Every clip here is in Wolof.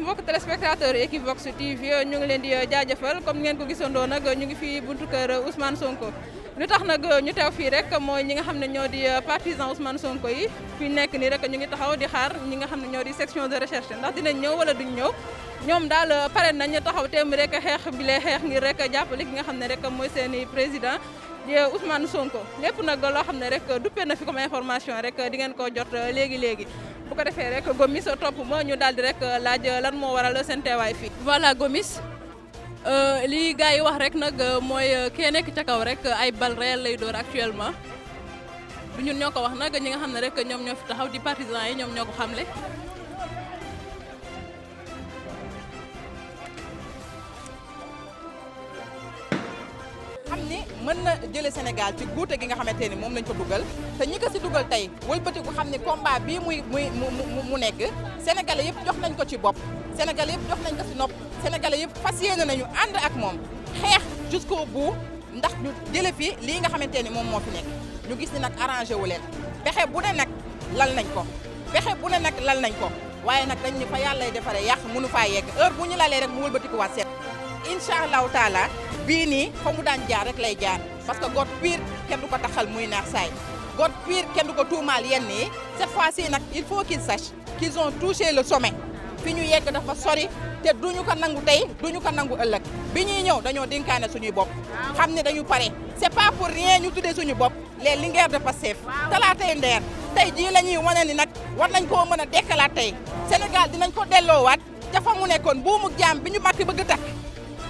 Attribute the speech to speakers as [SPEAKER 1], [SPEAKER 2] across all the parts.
[SPEAKER 1] mbokk téléspectateur Equivox TV ñu ngi leen di euh, jaajëfal comme ngeen ko gisandoo nag ñu ngi fii buntu kër euh, Ousmane Sonko lu tax nag euh, ñu teew fii rek mooy ñi nga xam ne ñoo di partisan Ousmane Sonko yi fi nekk nii rek ñu ngi taxaw di xaar ñi nga xam ne ñoo di section de recherche ndax dinañ ñëw wala duñ ñëw ñoom daal pare nañ taxaw teem rek xeex bi lee xeex ngir rek jàppale ki nga xam ne rek mooy seeni président Ousmane Sonko lépp nag loo xam ne rek duppee na fi comme information rek di jot léegi léegi bu ko defee rek Gomis topp ma ñu daal di rek laaj lan moo waral seen teewaay fii. voilà Gomis euh, li gars yi wax rek nag euh, mooy euh, kee nekk ca kaw rek ay bal réel lay door actuellement du ñun ñoo ko wax nag ñi nga xam ne rek ñoom ñoo fi taxaw di partisans yi ñoom ñoo ko xam ne
[SPEAKER 2] mën na jële Sénégal ci guute gi nga xamante ni moom lañ ko dugal te ñi ko si dugal tey wëlbati ku xam ne combat bii muy muy mu mu nekk sénégalais yëpp jox nañ ko ci bopp sénégalais yëpp jox nañ ko si nopp sénégalais yëpp fas yéene nañu ànd ak moom xeex jusqu'au bout ndax ñu jële fi lii nga xamante ni moom moo fi nekk ñu gis ni nag arrangé wu leen pexe bu ne nag lal nañ ko pexe bu ne nag lal nañ ko waaye nag dañ fa yàlla lay defaree yàq mënu faa yegg heure bu incha allahu taala bii nii fa mu daan jaar rek lay jaan parce que got pire kenn du ko taxal muy naax saay got pire kenn du ko tuumaal yenn yi cette fois ci nag il faut qu'ils sachent qu'ils ont le sommet fi ñu yegg dafa sori te duñu ko nangu tey duñu ko nangu ëllëg bi ñuy ñëw dañoo dénkaane suñuy bopp xam ne dañu pare c'est pas ñu tuddee suñu bopp les linguères de Pastef talaatay ndeer tey jii la ñuy wane ni nag war nañ koo mën a dekkalaat tey Sénégal dinañ ko delloowaat ca fa mu nekkoon buumu jaam bi ñu makk bëgg takk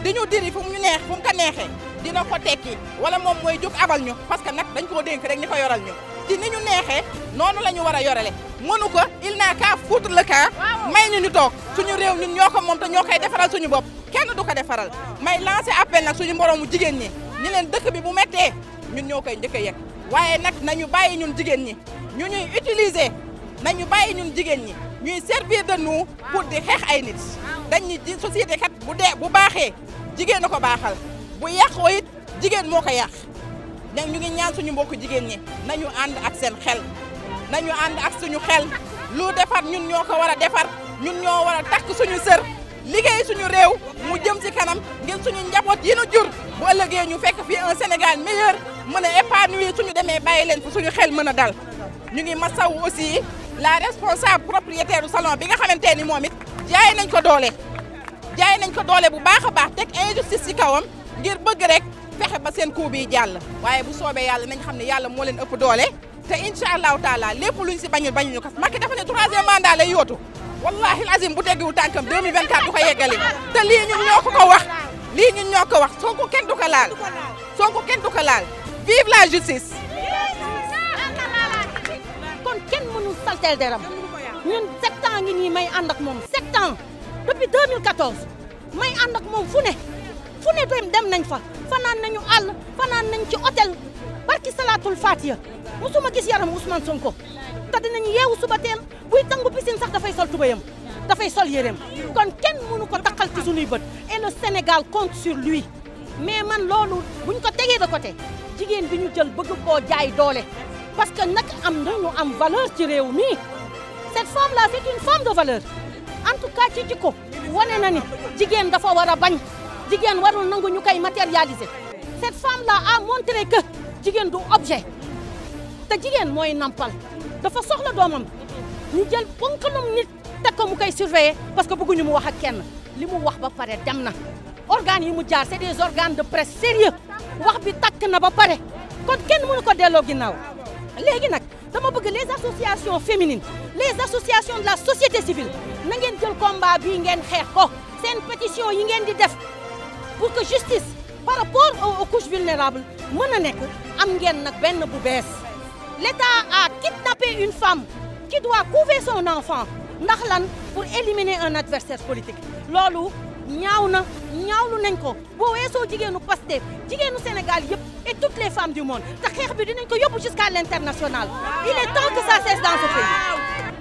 [SPEAKER 2] dañu diri fu mu ñu neex fu mu ko neexee dina ko tekki wala moom mooy jóg abal ñu parce que nag dañ koo dénk rek ni ko yoral ñu ci ni ñu neexee noonu la ñu war a yorale mënu ko il n'a qu'à foutre le camp may ñu ñu su suñu réew ñun ñoo ko moom te ñoo koy defaral suñu bopp kenn du ko defaral may lancé appel nag suñu moroomu jigéen ñi ñi leen dëkk bi bu mettee ñu ñoo koy njëkk a yegg waaye nag nañu bàyyi ñun jigéen ñi ñu ñuy utiliser nañu bàyyi ñun jigéen ñi ñuy servir de nous pour di ay nit dañu bu dee bu baaxee jigéen na ko baaxal bu yàqoo it jigéen moo ko yàq nag ñu ngi ñaan suñu mbokku jigéen ñi nañu ànd ak seen xel nañu ànd ak suñu xel lu defar ñun ñoo ko war a defar ñun ñoo war a takk suñu sër liggéey suñu réew mu jëm si kanam ngir suñu njaboot yi nu jur bu ëllëgee ñu fekk fii un Sénégal meilleur mën a épanouir suñu demee bàyyi leen suñu xel mën a dal ñu ngi masawu aussi la responsable propriétaire du salon bi nga xamante ni moom it jaay nañ jaay nañ ko doole bu baax a baax teg injustice ci kawam ngir bëgg rek fexe ba seen coup bi jàll waaye bu soobee yàlla nañ xam ne yàlla moo leen ëpp doole te incha allahu taala lépp luñ si bañul bañuñu kas Macky dafa ne troisième mandat lay yootu wallahi azim bu teggiwu tànkam 2024 du ko yeggali te lii ñun ñoo ko ko wax lii ñun ñoo ko wax Sonko kenn du ko laal Sonko kenn du ko laal
[SPEAKER 3] vive la justice kon kenn mënul saltel deram ñun sept ngi ànd ak moom sept depuis 2014 may ànd ak moom fu ne fu ne dem dem nañ fa fanaan nañu àll fanaan nañ ci hôtel barki salaatul faatiya musuma gis yaram Ousmane ko te dinañu yeewu suba teel buy tangu piscine sax dafay sol tubayam dafay sol yéreem kon kenn mënu ko taqal ci sunuy bët et le Sénégal compte sur lui mais man loolu buñ ko tegee de côté jigéen di ñu jël bëgg boo jaay doole parce que nag am nañu am valeur ci réew mi cette femme là c'est une femme de valeur en tout cas ci jikko wane na ni jigéen dafa war a bañ jigéen warul nangu ñu koy matérialiser cette femme là a montré que jigéen du objet te jigéen mooy nampal dafa soxla doomam ñu jël ponkalum nit teg ko mu parce que bëgguñu mu wax ak kenn li mu wax ba pare dem na organes yi mu jaar c'est des organes de presse sérieux wax bi takk na ba pare kon kenn mënu ko delloo ginnaaw léegi nag dama bëgg les associations féminines les associations de la société civile na ngeen jël combat bii ngeen xeex ko seen pétition yi ngeen di def pour que justice par rapport aux couches vulnérables mën a nekk am ngeen nag benn bu bees l'État a kidnappé une femme qui doit couver son enfant ndax lan pour éliminer un adversaire politique loolu ñaaw na ñaawlu nañ ko boo weesoo jigéenu Pastef jigéenu Sénégal yëpp et toutes les femmes du monde te xeex bi dinañ ko yóbbu jusqu'à l'international il est temps que ça cesse dans ko pays.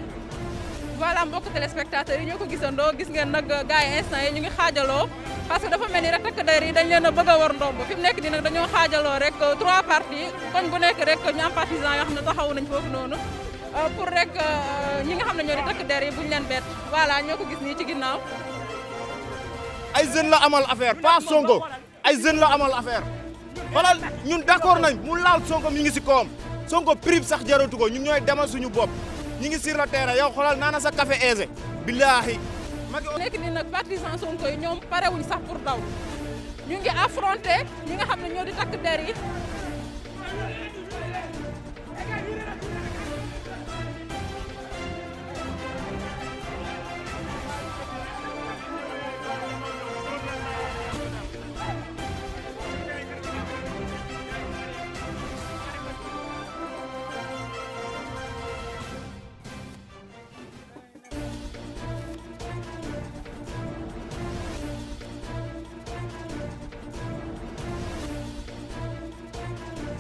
[SPEAKER 3] voilà mbokk téléspectateurs
[SPEAKER 1] yi ñoo ko gisandoo gis ngeen nag gars yi instant yi ñu ngi xaajaloo parce que dafa mel ni rek takk der yi dañ leen a bëgg a war ndomb fi mu nekk nii nag dañoo xaajaloo rek euh, trois partis kon bu nekk rek ñu am partisans xam ne taxawu nañ foofu noonu euh, pour rek euh, ñi nga xam leen bett
[SPEAKER 4] ñoo ko gis nii ci ginnaaw. ay jeunes la amal affaire pas Sonko ay jeunes la amal affaire xoolal ñun d'accord nañ mu laal Sonko mi ngi si koom Sonko prix sax jaratu ko ñun ñooy demal suñu bopp ñi ngi sur le terrain yow xoolal naana sa café aisé billaahi
[SPEAKER 1] nekk ni nag partisan Sonko yi ñoom parewuñ sax pour daw ñu ngi affronter ñi nga xam ne ñoo di takk der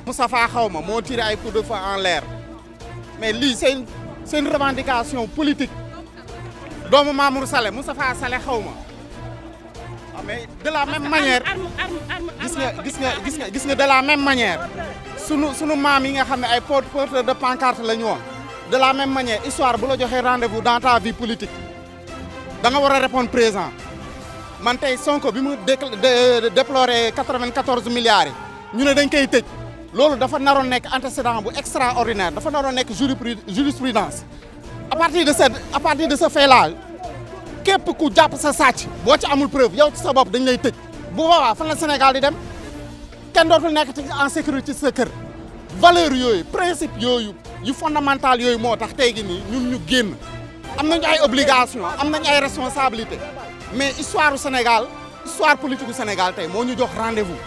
[SPEAKER 4] Moustapha xawma moo tiré ay coup de feu en l'air mais lii c'est une c'est une revendication politique doomu Mamour Saleh Moustapha Saleh xawma waaw ah, mais de la même manière gis nga gis nga gis nga gis nga de la même manière sunu sunu maam yi nga xam ne ay porteurs de pancarte la ñu woon de la même manière histoire bu la joxee rendez-vous dans ta vie politique da nga war a répondre présent man tey Sonko bi mu déploré 94 milliards yi ñu ne dañ koy tëj loolu dafa naroon nekk antécédent bu extraordinaire dafa naroon nekk jurisprudence à partir de ce à partir de ce fait képp ku jàpp sa sàcc boo ci amul preuve yow ci sa bopp dañ lay tëj bu boobaa fan la Sénégal di dem kenn dootul nekk ci en sécurité sa kër valeur yooyu principe yooyu yu fondamental yooyu moo tax tey gi nii ñun ñu génn am nañ ay obligation am nañ ay responsabilité mais histoire du Sénégal histoire politique du Sénégal tey moo ñu jox rendez-vous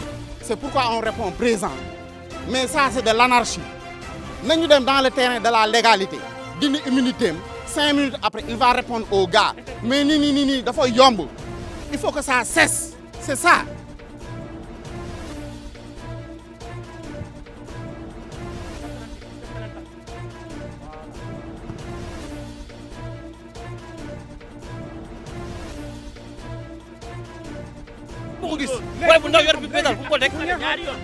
[SPEAKER 4] c'est pourquoi on répond présent mais ça c'est de l'anarchie nañu dem dans le terrain de la légalité dindi immunité cinq minutes après il va répondre mais nii nii nii nii dafa yomb il faut que ça cesse c'est ça Sénégal fu mu ko teg ñaari yoon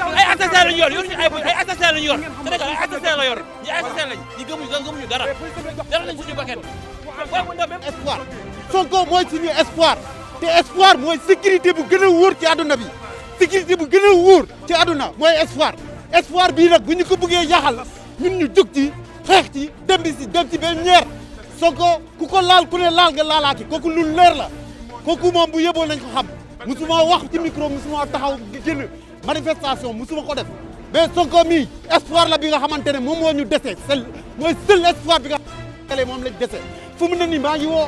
[SPEAKER 4] ay assassin lañu yor yoruñu ay ay assassin lañu yor lañ ñi gëmuñu gëmuñu dara dara lañ Sonko mooy suñu espoir te espoir mooy sécurité bu gën a wóor ci àdduna bi sécurité bu gën a wóor ci àdduna mooy espoir espoir bii nag bu ñu ko bëggee yaxal ñun ñu jóg ci xeex ci dem ci dem ci benn ñeer Sonko ku ko laal ku ne laal nga laalaati kooku lu leer la kooku moom bu yeboo nañ ko xam musuma wax ci micro musuma taxaw génn manifestation musuma ko def mais Sonko mii espoir la bi nga xamante ne moom moo ñu dese seul mooy seul espoir bi nga xamante lañ dese fu mu nii maa ngi woo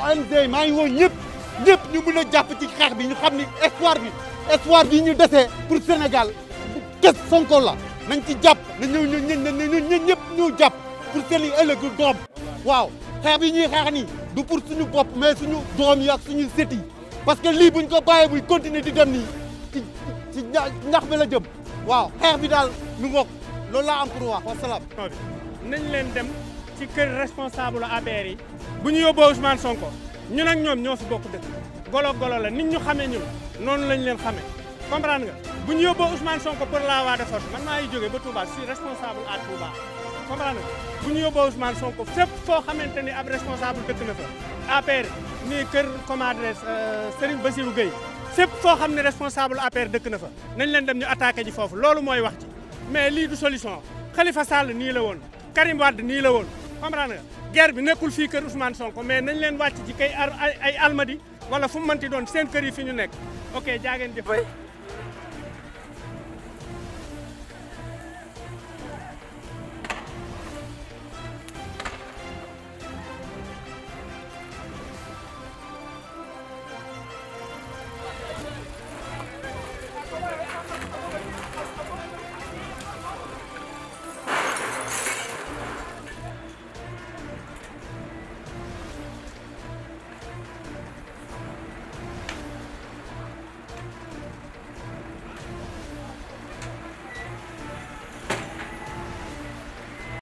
[SPEAKER 4] maa ngi woo ñëpp ñëpp ñu mun jàpp ci xeex bi ñu xam ni espoir bi espoir bi ñu dese pour Sénégal kes Sonko la nañ ci jàpp na ñëw ñu ñëw ñëpp ñu jàpp pour seen i ëllëgu doom waaw xeex bi ñuy xeex nii du pour suñu bopp mais suñu doom yi ak suñu sët yi parce que lii buñ ko bàyyee buy continuer di dem nii ci ñax bi la jëm waaw xeex bi daal ñu ngoog loolu la am pour wax wasalaam. nañ leen dem ci kër responsable APR yi bu ñu yóbboo Ousmane Sonko ñun ak ñoom ñoo fi bokk dëkk golo golo le nit ñu xamee ñun noonu lañ leen xamee comprendre nga bu ñu yóbboo Ousmane Sonko pour la voie de force man maa ngi jógee ba Touba je suis comprendre bu ñu yóbboo Ousmane Sonko fépp foo xamante ni ab responsable dëkk na fa APR nii kër commandé euh, Serigne Bassirou Gueye fépp foo xam ne responsable APR dëkk na fa nañ leen dem ñu attaqué ji foofu loolu mooy wax ji mais lii du solution Khalifa Sall nii la woon Karim Wade nii la woon comprendre bi nekkul fii kër Ousmane Sonko mais nañ leen wàcc ci kay ay almadi wala fu mu mënti doon seen kër fi ñu nekk ok jaa ngeen